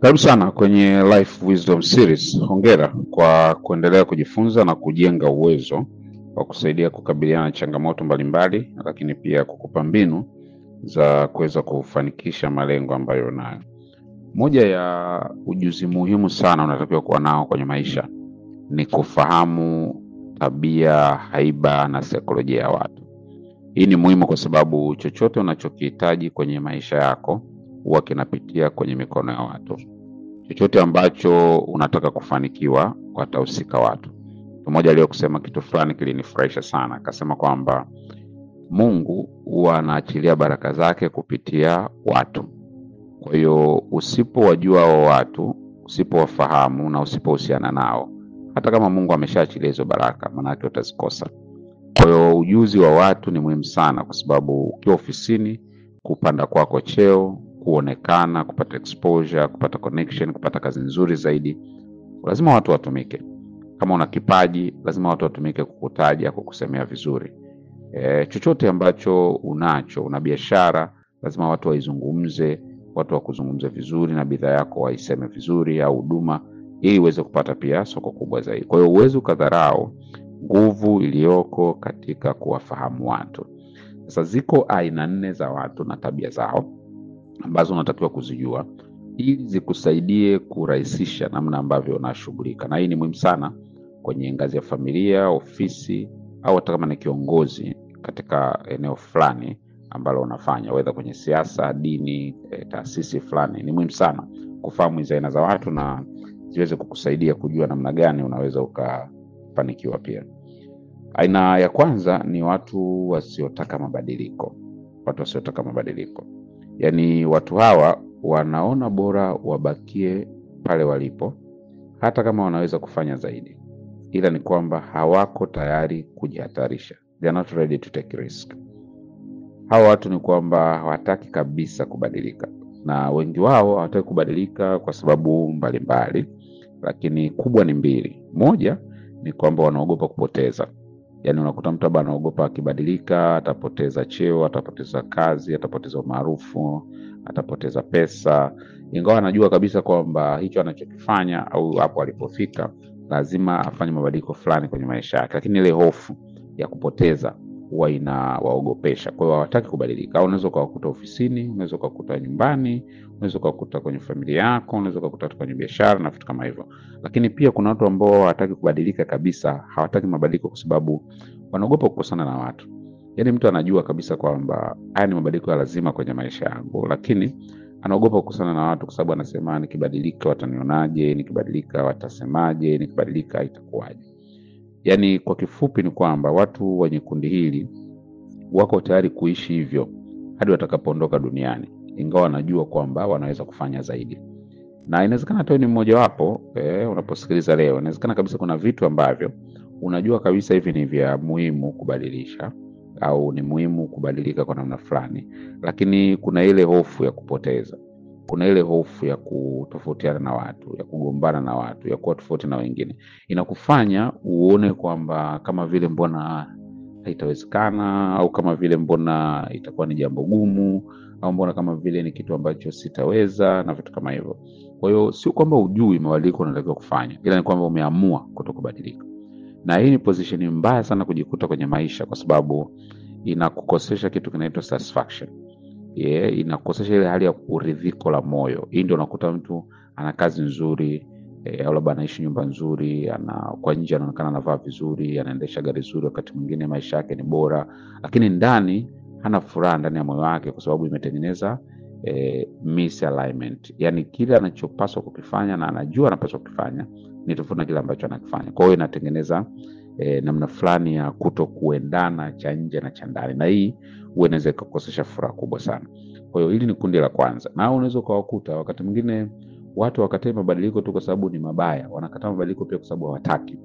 Karibu sana kwenye Life Wisdom Series. Hongera kwa kuendelea kujifunza na kujenga uwezo wa kusaidia kukabiliana na changamoto mbalimbali, lakini pia kukupa mbinu za kuweza kufanikisha malengo ambayo unayo. Moja ya ujuzi muhimu sana unatakiwa kuwa nao kwenye maisha ni kufahamu tabia, haiba na saikolojia ya watu. Hii ni muhimu kwa sababu chochote unachokihitaji kwenye maisha yako huwa kinapitia kwenye mikono ya watu. Chochote ambacho unataka kufanikiwa watahusika watu. mmoja aliyo kusema kitu fulani kilinifurahisha sana, akasema kwamba Mungu huwa anaachilia baraka zake kupitia watu. Kwa hiyo usipowajua wa watu, usipowafahamu na usipohusiana nao, hata kama Mungu ameshaachilia hizo baraka, maanake utazikosa. kwahiyo ujuzi wa watu ni muhimu sana, kwa sababu ukiwa ofisini, kupanda kwako cheo, kuonekana, kupata exposure, kupata connection, kupata kazi nzuri zaidi, lazima watu watumike. Kama una kipaji, lazima watu watumike kukutaja, kukusemea vizuri. E, chochote ambacho unacho, una biashara, lazima watu waizungumze, watu wakuzungumze vizuri na bidhaa yako waiseme vizuri, au huduma, ili uweze kupata pia soko kubwa zaidi. Kwa hiyo huwezi ukadharau nguvu iliyoko katika kuwafahamu watu. Sasa ziko aina nne za watu na tabia zao ambazo unatakiwa kuzijua ili zikusaidie kurahisisha namna ambavyo unashughulika, na hii ni muhimu sana kwenye ngazi ya familia, ofisi au hata kama ni kiongozi katika eneo fulani ambalo unafanya, wedha kwenye siasa, dini, e, taasisi fulani. Ni muhimu sana kufahamu hizi aina za watu na ziweze kukusaidia kujua namna gani unaweza ukafanikiwa. Pia aina ya kwanza ni watu wasiotaka mabadiliko, watu wasiotaka mabadiliko Yaani watu hawa wanaona bora wabakie pale walipo, hata kama wanaweza kufanya zaidi, ila ni kwamba hawako tayari kujihatarisha. not ready to take risk. Hawa watu ni kwamba hawataki kabisa kubadilika, na wengi wao hawataki kubadilika kwa sababu mbalimbali mbali, lakini kubwa ni mbili. Moja ni kwamba wanaogopa kupoteza yani unakuta mtu labda anaogopa akibadilika atapoteza cheo, atapoteza kazi, atapoteza umaarufu, atapoteza pesa, ingawa anajua kabisa kwamba hicho anachokifanya au hapo alipofika lazima afanye mabadiliko fulani kwenye maisha yake, lakini ile hofu ya kupoteza huwa inawaogopesha. Kwa hiyo hawataki kubadilika, au unaweza ukawakuta ofisini, unaweza ukakuta nyumbani, unaweza ukakuta kwenye familia yako, unaweza ukakuta kwenye biashara na vitu kama hivyo. Lakini pia kuna watu ambao hawataki kubadilika kabisa, hawataki mabadiliko kwa sababu wanaogopa kukosana na watu. Yaani mtu anajua kabisa kwamba haya ni mabadiliko ya lazima kwenye maisha yangu, lakini anaogopa kukosana na watu kwa sababu anasema nikibadilika watanionaje, nikibadilika watasemaje, nikibadilika itakuwaje. Yaani kwa kifupi ni kwamba watu wenye kundi hili wako tayari kuishi hivyo hadi watakapoondoka duniani, ingawa wanajua kwamba wanaweza kufanya zaidi. Na inawezekana hata ni mmojawapo eh, unaposikiliza leo, inawezekana kabisa kuna vitu ambavyo unajua kabisa hivi ni vya muhimu kubadilisha au ni muhimu kubadilika kwa namna fulani, lakini kuna ile hofu ya kupoteza kuna ile hofu ya kutofautiana na watu, ya kugombana na watu, ya kuwa tofauti na wengine, inakufanya uone kwamba kama vile mbona haitawezekana, au kama vile mbona itakuwa ni jambo gumu, au mbona kama vile ni kitu ambacho sitaweza na vitu kama hivyo. Kwa hiyo sio kwamba ujui mabadiliko unatakiwa kufanya, ila ni kwamba umeamua kutokubadilika, na hii ni position mbaya sana kujikuta kwenye maisha, kwa sababu inakukosesha kitu kinaitwa satisfaction yeah, inakosesha ile hali ya kuridhiko la moyo. Hii ndio unakuta mtu ana kazi nzuri eh, au labda anaishi nyumba nzuri, ana kwa nje anaonekana anavaa vizuri, anaendesha gari zuri, wakati mwingine maisha yake ni bora, lakini ndani hana furaha ndani ya moyo wake, kwa sababu imetengeneza e, misalignment, yani kile anachopaswa kukifanya na anajua anapaswa kukifanya ni tofauti na kile ambacho anakifanya. Kwa hiyo inatengeneza e, namna fulani ya kuto kuendana cha nje na cha ndani, na hii unaweza ikakosesha furaha kubwa sana. Kwa hiyo hili ni kundi la kwanza, na unaweza ukawakuta wakati mwingine watu wakatai mabadiliko tu kwa sababu ni mabaya, wanakataa mabadiliko pia kwa sababu hawataki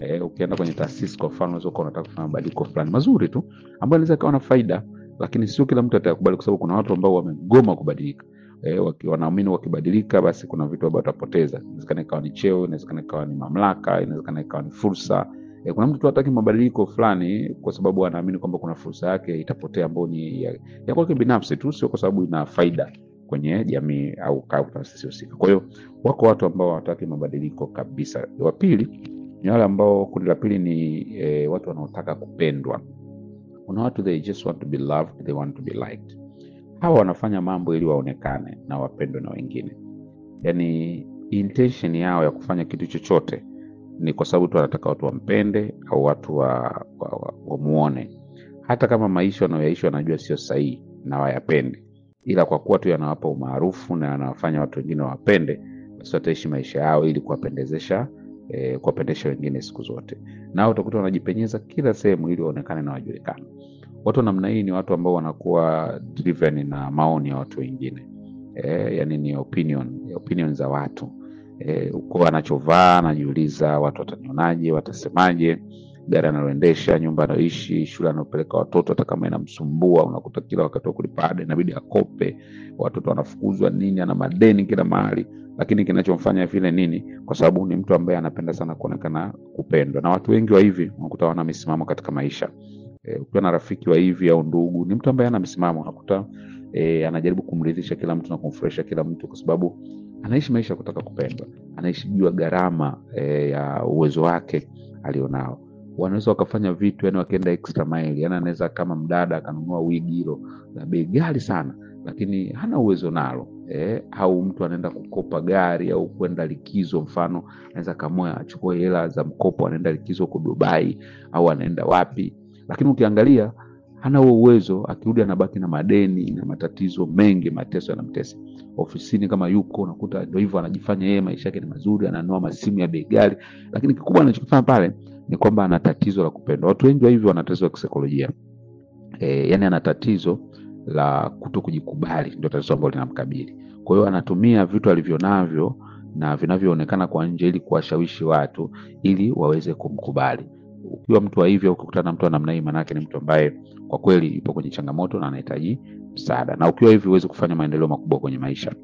eh, ukienda kwenye taasisi kwa mfano unaweza ukawa unataka kufanya mabadiliko fulani mazuri tu ambayo anaweza ikawa na faida, lakini sio kila mtu atayakubali kwa sababu kuna watu ambao wamegoma kubadilika. eh, wanaamini wakibadilika basi kuna vitu ambavyo watapoteza. Inawezekana ikawa ni cheo, inawezekana ikawa ni mamlaka, inawezekana ikawa ni fursa E, kuna mtu tu hataki mabadiliko fulani kwa sababu anaamini kwamba kuna fursa yake itapotea ambayo ni ya, ya kwake binafsi tu, sio kwa sababu ina faida kwenye jamii au taasisi husika. Kwa hiyo wako watu ambao hawataki mabadiliko kabisa. Wa pili ni wale ambao, kundi la pili ni e, watu wanaotaka kupendwa. Kuna watu they just want to be loved, they want to be liked. Hawa wanafanya mambo ili waonekane na wapendwe na wengine, yaani intention yao ya kufanya kitu chochote ni kwa sababu tu anataka watu wampende au watu wamuone wa, wa, wa hata kama maisha wanayoyaishi wanajua sio sahihi na wayapende, ila kwa kuwa tu yanawapa umaarufu na yanawafanya watu wengine wawapende, basi wataishi maisha yao ili kuwapendezesha eh, kuwapendesha wengine siku zote. Nao utakuta wanajipenyeza kila sehemu ili waonekane na wajulikana Watu wa namna hii ni watu ambao wanakuwa driven na maoni ya watu wengine eh, yani ni opinion, opinion za watu eh, ukoo anachovaa, anajiuliza watu watanionaje, watasemaje, gari analoendesha, nyumba anayoishi, shule anaopeleka watoto, hata kama inamsumbua. Unakuta kila wakati wa kulipa ada inabidi akope, watoto wanafukuzwa nini, ana madeni kila mahali, lakini kinachomfanya vile nini? Kwa sababu ni mtu ambaye anapenda sana kuonekana kupendwa, na watu wengi wa hivi unakuta wana misimamo katika maisha. E, ukiwa na rafiki wa hivi au ndugu, ni mtu ambaye ana misimamo, unakuta e, anajaribu kumridhisha kila mtu na kumfurahisha kila mtu kwa sababu anaishi maisha kutaka kupendwa, anaishi jua gharama e, ya uwezo wake alionao. Wanaweza wakafanya vitu yani wakienda extra mile, yani anaweza kama mdada akanunua wigi hilo la bei gari sana, lakini hana uwezo nalo eh, au mtu anaenda kukopa gari au kwenda likizo. Mfano, anaweza kamua achukue hela za mkopo, anaenda likizo huko Dubai au anaenda wapi, lakini ukiangalia hana huo uwezo, akirudi anabaki na madeni na matatizo mengi, mateso yanamtesa. Ofisini kama yuko unakuta ndio hivyo, anajifanya yeye maisha yake ni mazuri, ananoa masimu ya bei ghali, lakini kikubwa anachokifanya pale ni kwamba ana tatizo la kupendwa. Watu wengi wa hivyo wana tatizo la kisaikolojia e, yani ana tatizo la kuto kujikubali, ndio tatizo ambalo linamkabili. Kwa hiyo anatumia vitu alivyo navyo na vinavyoonekana kwa nje ili kuwashawishi watu ili waweze kumkubali ukiwa mtu wa hivyo ukikutana na mtu wa namna hii, maanake ni mtu ambaye kwa kweli yupo kwenye changamoto na anahitaji msaada, na ukiwa hivi huwezi kufanya maendeleo makubwa kwenye maisha.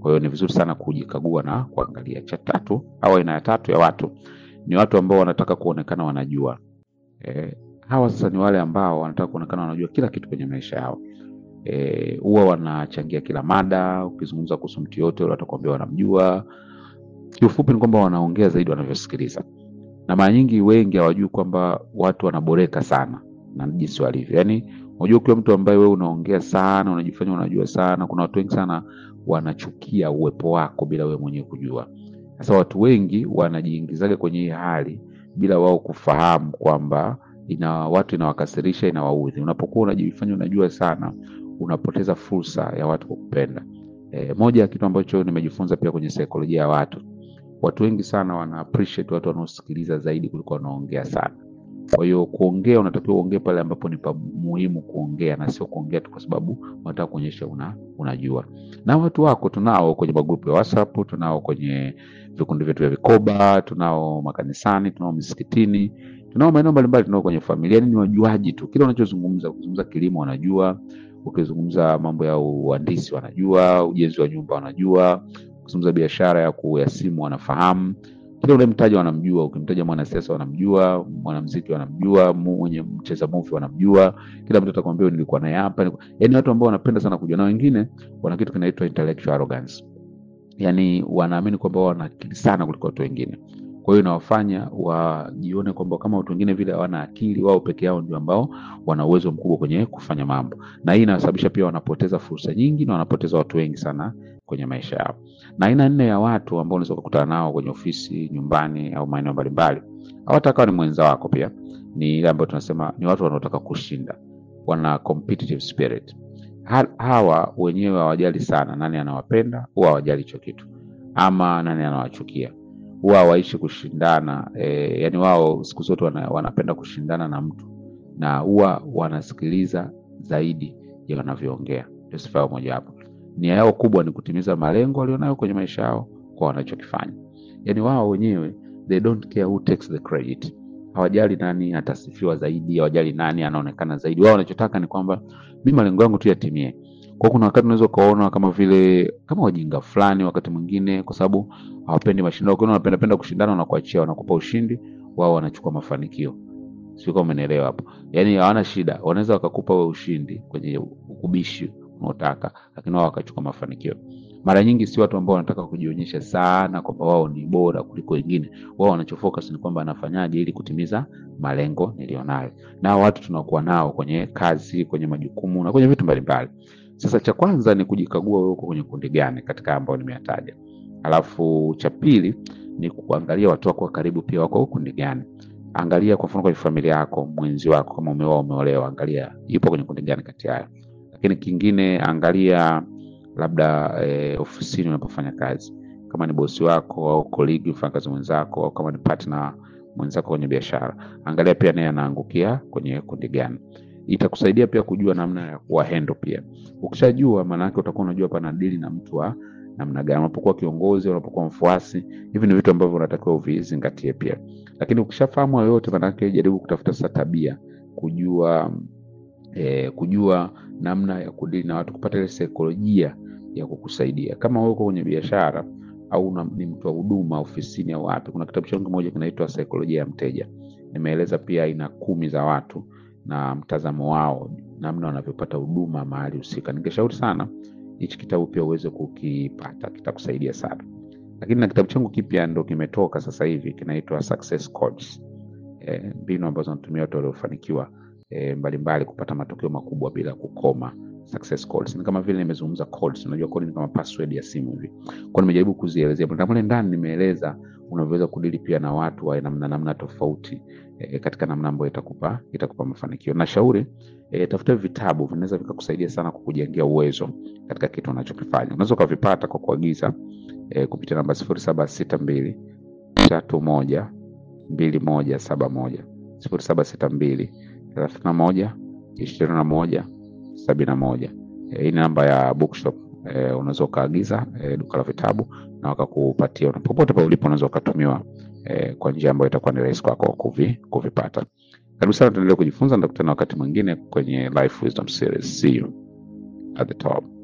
Kwa hiyo ni vizuri sana kujikagua na kuangalia. Cha tatu au aina ya tatu ya watu ni watu ambao wanataka kuonekana wanajua. E, hawa sasa ni wale ambao wanataka kuonekana wanajua kila kitu kwenye maisha yao. E, huwa wanachangia kila mada. Ukizungumza kuhusu mtu yote watakuambia wanamjua. Kiufupi ni kwamba wanaongea zaidi wanavyosikiliza na mara nyingi wengi hawajui kwamba watu wanaboreka sana na jinsi walivyo. yani unajua ukiwa mtu ambaye wewe unaongea sana, unajifanya unajua sana, kuna watu wengi sana wanachukia uwepo wako bila wewe mwenyewe kujua. Sasa watu wengi wanajiingizaga kwenye hii hali bila wao kufahamu kwamba ina watu inawakasirisha, inawaudhi. Unapokuwa unajifanya unajua sana, unapoteza fursa ya watu kukupenda. E, moja ya kitu ambacho nimejifunza pia kwenye saikolojia ya watu watu wengi sana wana appreciate watu wanaosikiliza zaidi kuliko wanaongea sana. Kwa hiyo kuongea, unatakiwa uongee pale ambapo ni muhimu kuongea, na sio kuongea tu kwa sababu unataka kuonyesha una, unajua. Na watu wako tunao kwenye magrupu ya WhatsApp, tunao kwenye vikundi vyetu vya vikoba, tunao makanisani, tunao misikitini, tunao maeneo mbalimbali, tunao kwenye familia. Yaani ni wajuaji tu kila unachozungumza. Ukizungumza kilimo wanajua, ukizungumza mambo ya uhandisi wanajua, ujenzi wa nyumba wanajua, kuzungumza biashara ya kuya simu wanafahamu ule unayemtaja wanamjua. Ukimtaja mwanasiasa wanamjua, mwanamziki wanamjua, mwenye mcheza mufi wanamjua, kila mtu atakwambia nilikuwa naye hapa. yani watu ambao wanapenda sana kujua, na wengine wana kitu kinaitwa intellectual arrogance, yaani wanaamini kwamba wana wanaakili sana kuliko watu wengine. Kwa hiyo inawafanya wajione kwamba kama watu wengine vile hawana akili, wao peke yao ndio ambao wana uwezo mkubwa kwenye kufanya mambo, na hii inasababisha pia wanapoteza fursa nyingi na wanapoteza watu wengi sana kwenye maisha yao. Na aina nne ya watu ambao unaweza kukutana nao kwenye ofisi, nyumbani au maeneo mbalimbali, hawatakawa ni mwenza wako, pia ni ile ambayo tunasema ni watu wanaotaka kushinda, wana competitive spirit. Hawa wenyewe hawajali sana nani anawapenda, huwa hawajali hicho kitu ama nani anawachukia huwa hawaishi kushindana e, yani wao siku zote wana, wanapenda kushindana na mtu na huwa wanasikiliza zaidi ya wanavyoongea. Ndio sifa yao mojawapo. Nia yao kubwa ni kutimiza malengo walionayo kwenye maisha yao kwa wanachokifanya. Yani wao wenyewe they don't care who takes the credit, hawajali nani atasifiwa zaidi, hawajali nani anaonekana zaidi. Wao wanachotaka ni kwamba mimi malengo yangu tu yatimie. Kwa kuna wakati unaweza ukaona kama vile kama wajinga fulani, wakati mwingine, kwa sababu hawapendi mashindano, kwa hiyo wanapenda kushindana, wanakuachia, wanakupa ushindi, wao wanachukua mafanikio. Sio kama umenielewa hapo. Yaani hawana shida, wanaweza wakakupa wewe ushindi kwenye ukubishi unaotaka, lakini wao wakachukua mafanikio. Mara nyingi si watu ambao wanataka kujionyesha sana kwamba wao ni bora kuliko wengine. Wao wanachofocus ni kwamba anafanyaje ili kutimiza malengo nilionayo Na watu tunakuwa nao kwenye kazi, kwenye majukumu na kwenye vitu mbalimbali. Sasa cha kwanza ni kujikagua wewe uko kwenye kundi gani katika ambao nimeyataja, alafu cha pili ni kuangalia watu wako karibu pia wako kundi gani. Angalia kwa mfano kwenye familia yako, mwenzi wako kama umeoa, umeolewa, angalia yupo kwenye kundi gani kati yao. Lakini kingine angalia labda e, ofisini unapofanya kazi, kama ni bosi wako au kolegi mfanyakazi mwenzako au kama ni partner mwenzako kwenye biashara, angalia pia naye anaangukia kwenye kundi gani itakusaidia pia kujua namna ya kuwahendo pia. Ukishajua maanaake yake utakuwa unajua pana dili na mtu wa namna gani, unapokuwa kiongozi, unapokuwa mfuasi. Hivi ni vitu ambavyo unatakiwa uvizingatie pia, lakini ukishafahamu yote, maana jaribu kutafuta sasa tabia, kujua eh, kujua namna ya kudili na watu, kupata ile saikolojia ya kukusaidia kama wewe uko kwenye biashara au ni mtu wa huduma ofisini au wapi. Kuna kitabu changu kimoja kinaitwa Saikolojia ya Mteja, nimeeleza pia aina kumi za watu na mtazamo wao namna wanavyopata huduma mahali husika. Ningeshauri sana hichi kitabu pia uweze kukipata, kitakusaidia sana. Lakini na kitabu changu kipya ndo kimetoka sasa hivi, kinaitwa Success Codes, e, mbinu e, ambazo wanatumia watu waliofanikiwa e, mbalimbali kupata matokeo makubwa bila kukoma success calls Ni kama vile nimezungumza calls Unajua code ni kama password ya simu hivi. Kwa nimejaribu kuzielezea, na mle ndani nimeeleza unavyoweza kudili pia na watu wa namna namna tofauti e, katika namna ambayo itakupa itakupa mafanikio. na shauri e, eh, tafuta vitabu, vinaweza vikakusaidia sana kukujengea uwezo katika kitu unachokifanya. Unaweza ukavipata kwa kuagiza e, kupitia namba 0762 31 2171 0762 31 21 sabini na moja. Hii ni namba ya Bookshop. E, unaweza ukaagiza e, duka la vitabu na wakakupatia popote pale ulipo, unaweza ukatumiwa e, kwa njia ambayo itakuwa ni rahisi kwako kuvi, kuvipata. Karibu sana, tuendelee kujifunza. ntakutana wakati mwingine kwenye Life Wisdom Series. See you at the top.